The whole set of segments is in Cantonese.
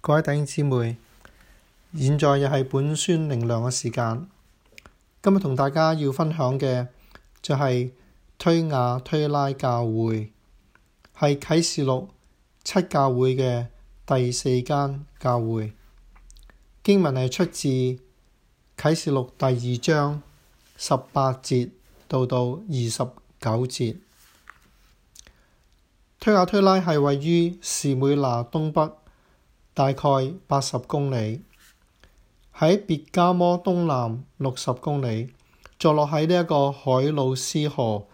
各位弟兄姊妹，現在又係本宣靈糧嘅時間。今日同大家要分享嘅就係推雅推拉教會，係啟示錄七教會嘅第四間教會。經文係出自啟示錄第二章十八節到到二十九節。推雅推拉係位於士每拿東北。大概八十公里喺別加摩東南六十公里，坐落喺呢一個海魯斯河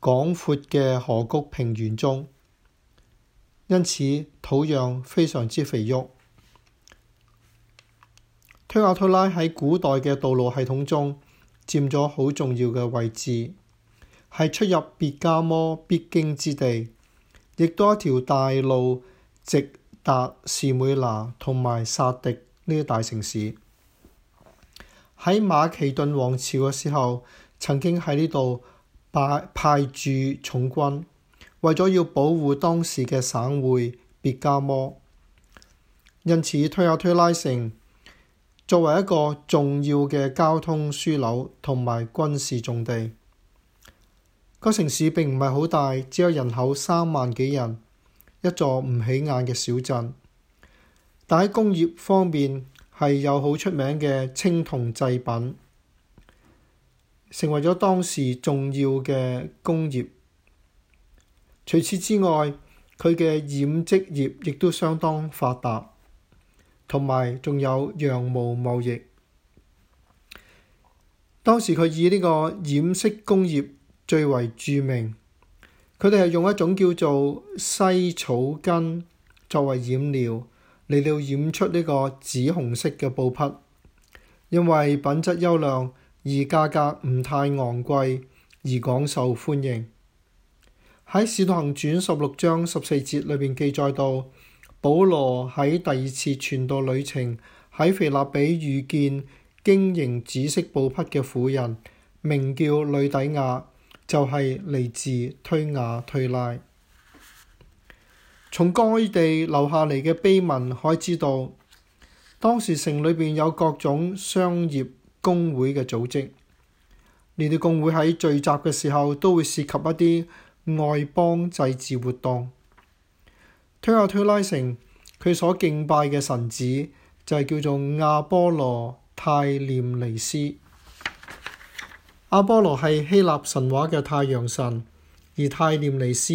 廣闊嘅河谷平原中，因此土壤非常之肥沃。推亞推拉喺古代嘅道路系統中佔咗好重要嘅位置，係出入別加摩必經之地，亦都一條大路直達士美拿同埋薩迪呢啲大城市，喺馬其頓王朝嘅時候，曾經喺呢度派派駐重軍，為咗要保護當時嘅省會別加摩。因此，推下推拉城作為一個重要嘅交通樞紐同埋軍事重地。個城市並唔係好大，只有人口三萬幾人。一座唔起眼嘅小鎮，但喺工業方面係有好出名嘅青銅製品，成為咗當時重要嘅工業。除此之外，佢嘅染織業亦都相當發達，同埋仲有羊毛貿易。當時佢以呢個染色工業最為著名。佢哋係用一種叫做茜草根作為染料，嚟到染出呢個紫紅色嘅布匹。因為品質優良，而價格唔太昂貴，而廣受歡迎。喺《使徒行傳》十六章十四節裏邊記載到，保羅喺第二次傳道旅程喺腓立比遇見經營紫色布匹嘅婦人，名叫呂底亞。就係嚟自推雅推拉。從該地留下嚟嘅碑文可以知道，當時城裏邊有各種商業公會嘅組織，連啲公會喺聚集嘅時候都會涉及一啲外邦祭祀活動。推雅推拉城佢所敬拜嘅神子就係叫做亞波羅泰念尼斯。阿波羅係希臘神話嘅太陽神，而泰念尼斯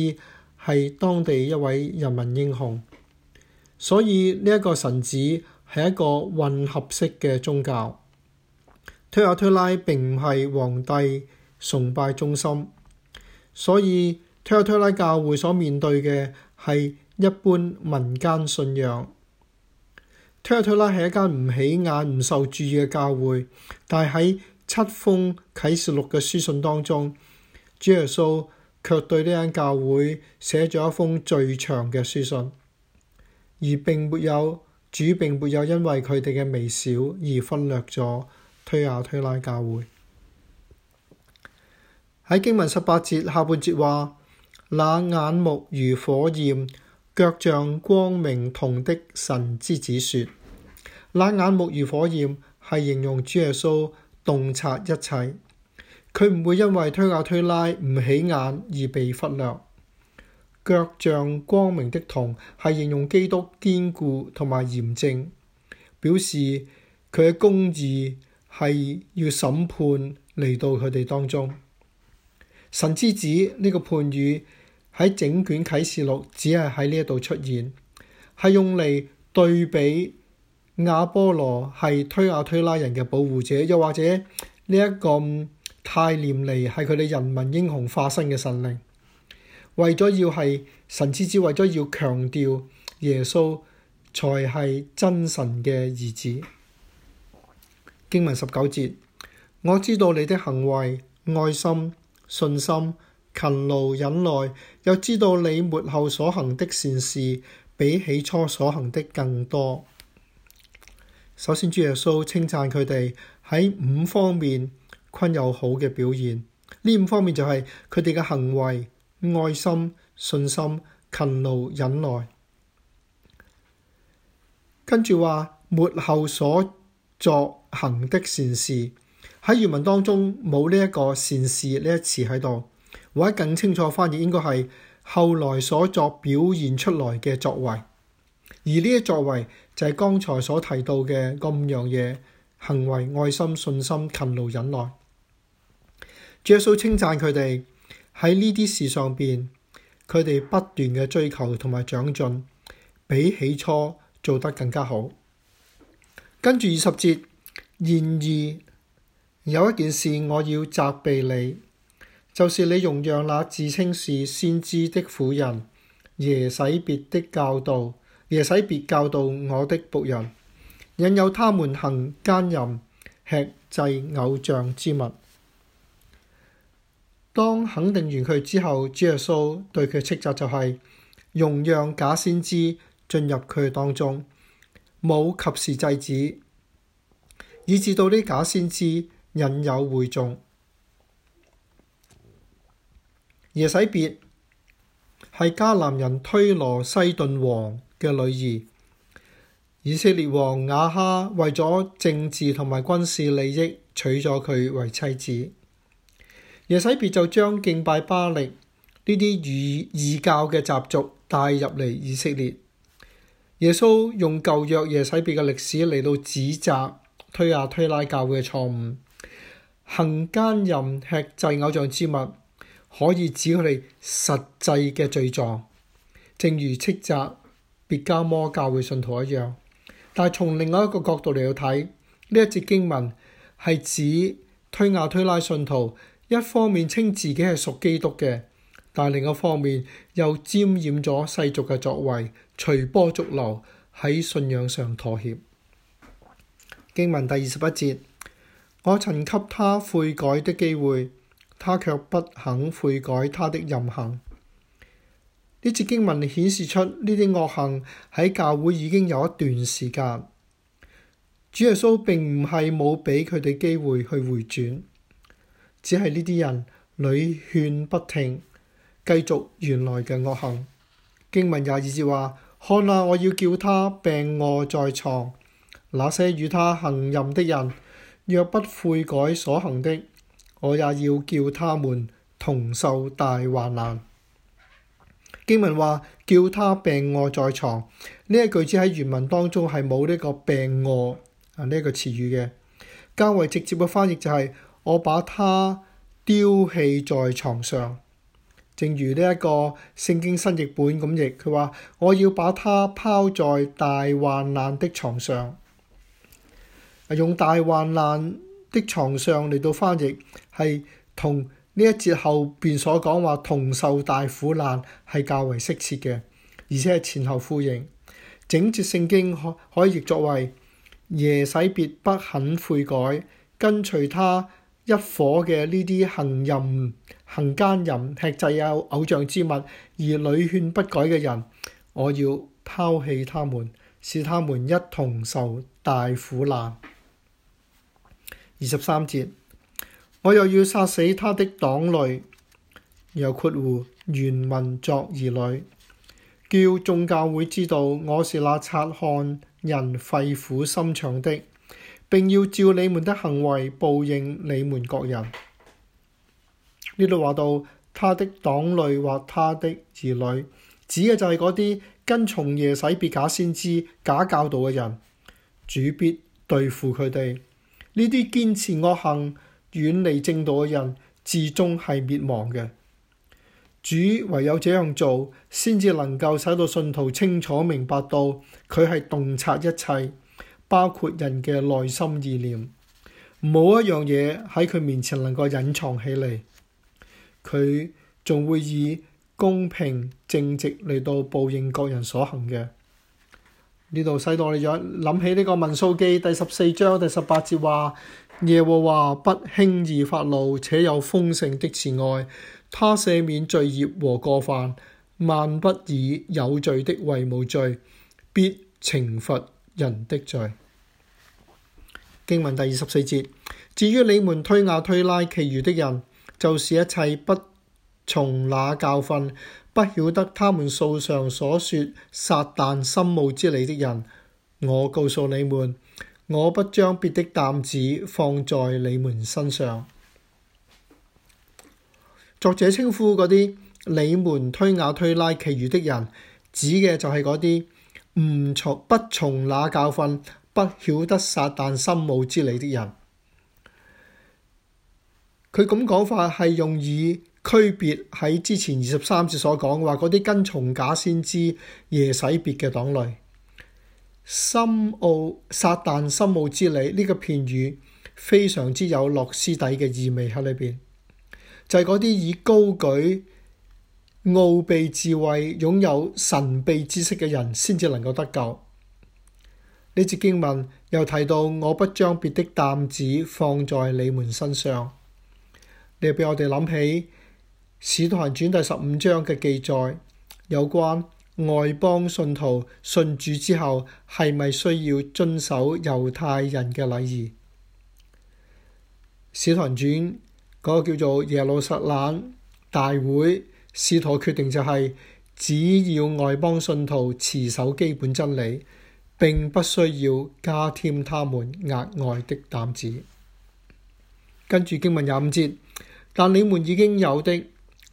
係當地一位人民英雄，所以呢一、這個神子係一個混合式嘅宗教。推雅推拉並唔係皇帝崇拜中心，所以推雅推拉教會所面對嘅係一般民間信仰。推雅推拉係一間唔起眼、唔受注意嘅教會，但係喺七封啟示錄嘅書信當中，主耶穌卻對呢間教會寫咗一封最長嘅書信，而並沒有主並沒有因為佢哋嘅微小而忽略咗推雅推拉教會。喺經文十八節下半節話：那眼目如火焰、腳像光明銅的神之子說，那眼目如火焰係形容主耶穌。洞察一切，佢唔會因為推下、啊、推拉唔起眼而被忽略。腳像光明的銅，係形容基督堅固同埋嚴正，表示佢嘅公義係要審判嚟到佢哋當中。神之子呢個判語喺整卷啟示錄只係喺呢一度出現，係用嚟對比。亞波羅係推亞、啊、推拉人嘅保護者，又或者呢一、這個泰念尼係佢哋人民英雄化身嘅神靈，為咗要係神之子，為咗要強調耶穌才係真神嘅兒子。經文十九節，我知道你的行為、愛心、信心、勤勞、忍耐，又知道你末後所行的善事比起初所行的更多。首先，主耶穌稱讚佢哋喺五方面均有好嘅表現。呢五方面就係佢哋嘅行為、愛心、信心、勤勞、忍耐。跟住話末後所作行的善事，喺原文當中冇呢一個善事呢一詞喺度。或者更清楚翻譯應該係後來所作表現出來嘅作為。而呢一作為就係剛才所提到嘅嗰五樣嘢：行為、愛心、信心、勤勞、忍耐。主耶穌稱讚佢哋喺呢啲事上邊，佢哋不斷嘅追求同埋長進，比起初做得更加好。跟住二十節，然而有一件事我要責備你，就是你容讓那自稱是先知的婦人耶洗別的教導。耶洗別教導我的僕人，引誘他們行奸淫、吃祭偶像之物。當肯定完佢之後，主耶穌對佢斥責就係、是：容讓假先知進入佢當中，冇及時制止，以致到啲假先知引誘會眾。耶洗別係迦南人推羅西頓王嘅女兒，以色列王雅哈為咗政治同埋軍事利益娶咗佢為妻子。耶洗別就將敬拜巴力呢啲異異教嘅習俗帶入嚟以色列。耶穌用舊約耶洗別嘅歷史嚟到指責推亞推拉教會嘅錯誤，行奸淫、吃祭偶像之物，可以指佢哋實際嘅罪狀，正如斥責別迦摩教會信徒一樣，但係從另外一個角度嚟到睇呢一節經文係指推雅推拉信徒，一方面稱自己係屬基督嘅，但另一方面又沾染咗世俗嘅作為，隨波逐流喺信仰上妥協。經文第二十一節，我曾給他悔改的機會，他卻不肯悔改他的淫行。」呢節經文顯示出呢啲惡行喺教會已經有一段時間。主耶穌並唔係冇俾佢哋機會去回轉，只係呢啲人屢勸不聽，繼續原來嘅惡行。經文廿二節話：看啊，我要叫他病卧在床。那些與他行淫的人，若不悔改所行的，我也要叫他們同受大患難。經文話叫他病卧在床。呢一句子喺原文當中係冇呢個病卧啊呢一個詞語嘅。較為直接嘅翻譯就係、是、我把他丟棄在床上。正如呢、這、一個聖經新譯本咁譯，佢話我要把他拋在大患難的床上，用大患難的床上嚟到翻譯係同。呢一節後邊所講話同受大苦難係較為適切嘅，而且係前後呼應。整節聖經可以亦作為耶洗別不肯悔改、跟隨他一夥嘅呢啲行淫、行奸淫、吃祭偶像之物而屢勸不改嘅人，我要拋棄他們，使他們一同受大苦難。二十三節。我又要殺死他的黨類，又括弧，原文作兒女，叫眾教會知道我是那察看人肺腑心腸的，並要照你們的行為報應你們各人。呢度話到他的黨類或他的兒女，指嘅就係嗰啲跟從耶洗別假先知假教導嘅人，主必對付佢哋呢啲堅持惡行。遠離正道嘅人，至終係滅亡嘅。主唯有這樣做，先至能夠使到信徒清楚明白到佢係洞察一切，包括人嘅內心意念。冇一樣嘢喺佢面前能夠隱藏起嚟，佢仲會以公平正直嚟到報應各人所行嘅。呢度使到我哋諗起呢個民數記第十四章第十八節話。耶和華不輕易發怒，且有豐盛的慈愛，他赦免罪孽和過犯，萬不以有罪的為無罪，必懲罰人的罪。經文第二十四節，至於你們推雅推喇，其餘的人，就是一切不從那教訓、不曉得他們素常所說撒但深奧之理的人，我告訴你們。我不將別的擔子放在你們身上。作者稱呼嗰啲你們推雅推喇，其餘的人，指嘅就係嗰啲唔從不從那教訓，不曉得撒旦深奧之理的人。佢咁講法係用以區別喺之前二十三節所講話嗰啲跟從假先知耶洗別嘅黨類。深奧撒旦深奧、深奧之理呢個片語非常之有諾斯底嘅意味喺裏邊，就係嗰啲以高舉奧秘智慧、擁有神秘知識嘅人先至能夠得救。呢節經文又提到，我不將別的擔子放在你們身上，你又俾我哋諗起使徒行傳第十五章嘅記載有關。外邦信徒信主之後，係咪需要遵守猶太人嘅禮儀？《使徒行傳》嗰個叫做耶路撒冷大會，使徒決定就係、是、只要外邦信徒持守基本真理，並不需要加添他們額外的擔子。跟住經文廿五節，但你們已經有的，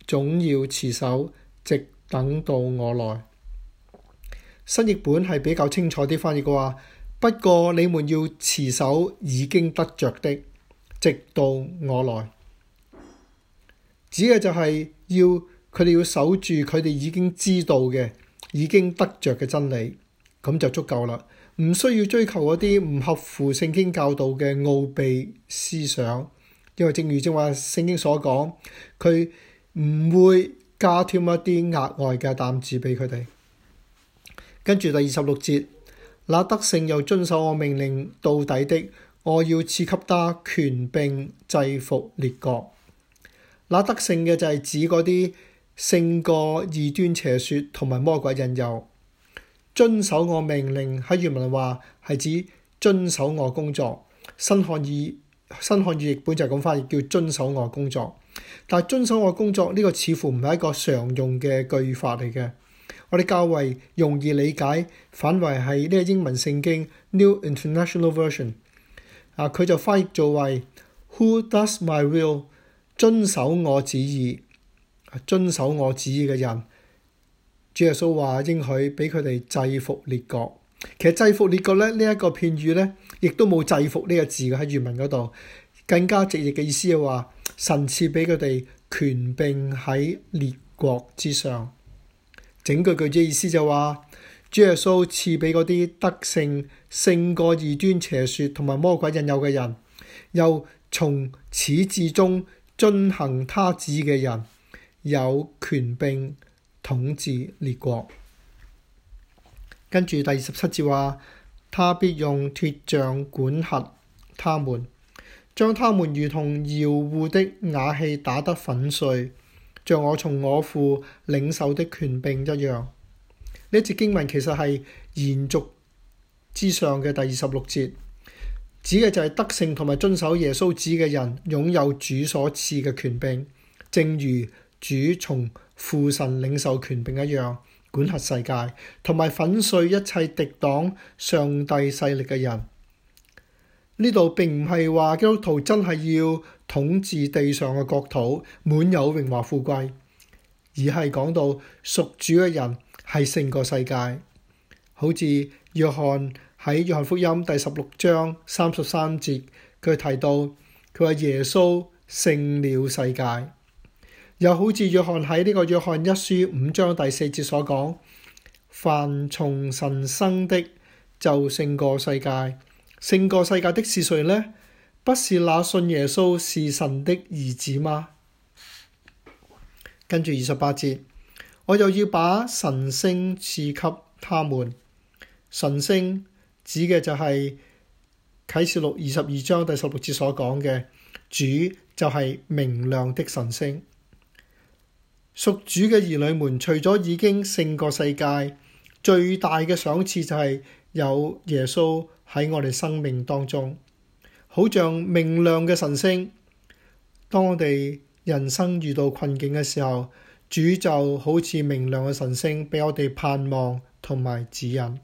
總要持守，直等到我來。新譯本係比較清楚啲翻譯嘅話，不過你們要持守已經得着的，直到我來。指嘅就係要佢哋要守住佢哋已經知道嘅，已經得着嘅真理，咁就足夠啦，唔需要追求嗰啲唔合乎聖經教導嘅奧秘思想，因為正如正話聖經所講，佢唔會加添一啲額外嘅擔子俾佢哋。跟住第二十六節，那得勝又遵守我命令到底的，我要賜給他權柄制服列國。那得勝嘅就係指嗰啲勝過異端邪説同埋魔鬼引誘。遵守我命令喺原文話係指遵守我工作。新漢語、新漢語譯本就係咁翻譯，叫遵守我工作。但係遵守我工作呢，這個似乎唔係一個常用嘅句法嚟嘅。我哋較為容易理解，反為係呢個英文聖經 New International Version 佢、啊、就翻譯做為 Who does my will？遵守我旨意，啊、遵守我旨意嘅人。主耶穌話應許俾佢哋制服列國。其實制服列國咧呢一、這個片語咧，亦都冇制服呢個字嘅喺原文嗰度，更加直譯嘅意思係話神賜俾佢哋權柄喺列國之上。整句句子意思就話、是，主耶穌賜俾嗰啲得勝勝過異端邪說同埋魔鬼引誘嘅人，又從始至終遵行他旨嘅人，有權並統治列國。跟住第二十七節話，他必用鐵杖管轄他們，將他們如同窯戶的瓦器打得粉碎。像我從我父領受的權柄一樣，呢一節經文其實係延續之上嘅第二十六節，指嘅就係得勝同埋遵守耶穌旨嘅人擁有主所賜嘅權柄，正如主從父神領受權柄一樣，管轄世界同埋粉碎一切敵擋上帝勢力嘅人。呢度並唔係話基督徒真係要統治地上嘅國土，滿有榮華富貴，而係講到屬主嘅人係勝過世界。好似約翰喺約翰福音第十六章三十三節，佢提到佢話耶穌勝了世界。又好似約翰喺呢個約翰一書五章第四節所講，凡從神生的就勝過世界。勝過世界的是誰呢？不是那信耶穌是神的兒子嗎？跟住二十八節，我又要把晨星賜給他們。晨星指嘅就係啟示錄二十二章第十六節所講嘅主，就係明亮的晨星。屬主嘅兒女們，除咗已經勝過世界，最大嘅賞賜就係有耶穌。喺我哋生命當中，好像明亮嘅晨星。當我哋人生遇到困境嘅時候，主就好似明亮嘅晨星，俾我哋盼望同埋指引。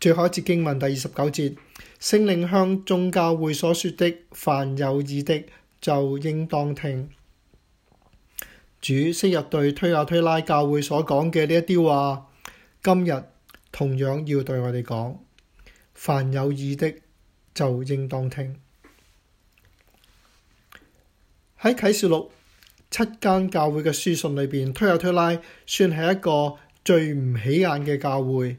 最後一節經文第二十九節，聖靈向眾教會所說的，凡有耳的就應當聽。主昔日對推亞推拉教會所講嘅呢一啲話，今日同樣要對我哋講。凡有意的就應當聽。喺啟示錄七間教會嘅書信裏邊，推阿推拉算係一個最唔起眼嘅教會，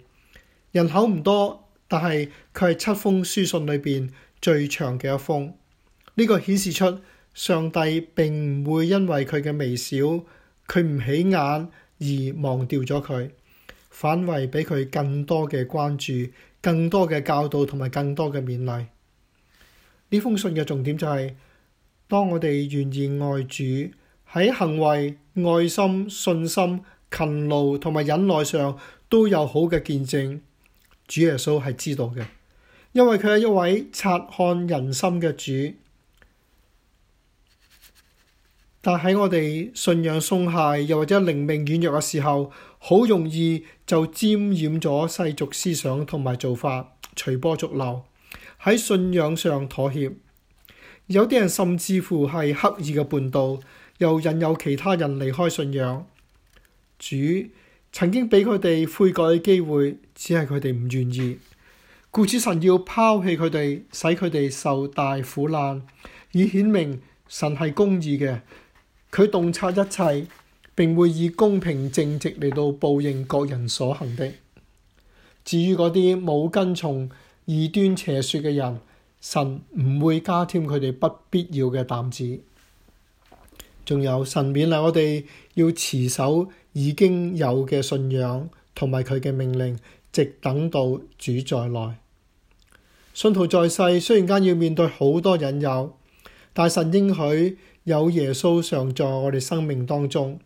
人口唔多，但係佢係七封書信裏邊最長嘅一封。呢個顯示出上帝並唔會因為佢嘅微小、佢唔起眼而忘掉咗佢，反為俾佢更多嘅關注。更多嘅教導同埋更多嘅勉勵。呢封信嘅重點就係：當我哋願意愛主，喺行為、愛心、信心、勤勞同埋忍耐上都有好嘅見證，主耶穌係知道嘅，因為佢係一位察看人心嘅主。但喺我哋信仰鬆懈，又或者靈命軟弱嘅時候，好容易就沾染咗世俗思想同埋做法，隨波逐流，喺信仰上妥協。有啲人甚至乎係刻意嘅叛道，又引誘其他人離開信仰。主曾經俾佢哋悔改嘅機會，只係佢哋唔願意。故此，神要拋棄佢哋，使佢哋受大苦難，以顯明神係公義嘅。佢洞察一切，並會以公平正直嚟到報應各人所行的。至於嗰啲冇跟從異端邪說嘅人，神唔會加添佢哋不必要嘅擔子。仲有神勉勵我哋要持守已經有嘅信仰同埋佢嘅命令，直等到主再來。信徒在世雖然間要面對好多引誘，但神應許。有耶穌常在我哋生命當中，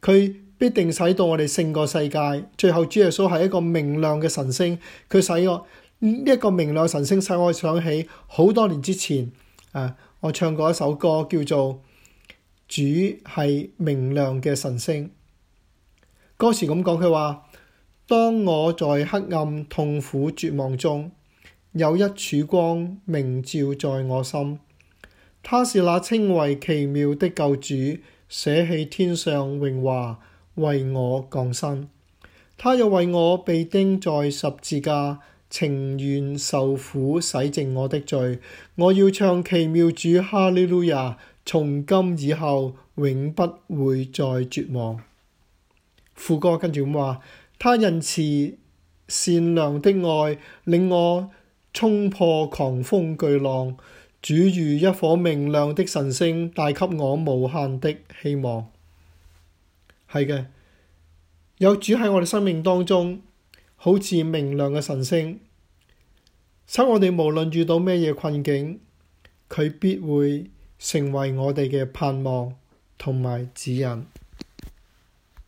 佢必定使到我哋勝過世界。最後主耶穌係一個明亮嘅神星，佢使我呢一、這個明亮神星使我想起好多年之前，誒、啊，我唱過一首歌叫做《主係明亮嘅神星》。歌詞咁講，佢話：當我在黑暗、痛苦、絕望中，有一曙光明照在我心。他是那稱為奇妙的救主，捨棄天上榮華為我降生。他又為我被釘在十字架，情願受苦洗淨我的罪。我要唱奇妙主哈利路亞，從今以後永不會再絕望。副歌跟住咁話，他仁慈善良的愛令我衝破狂風巨浪。主如一顆明亮的晨星，帶給我無限的希望。係嘅，有主喺我哋生命當中，好似明亮嘅晨星，使我哋無論遇到咩嘢困境，佢必會成為我哋嘅盼望同埋指引。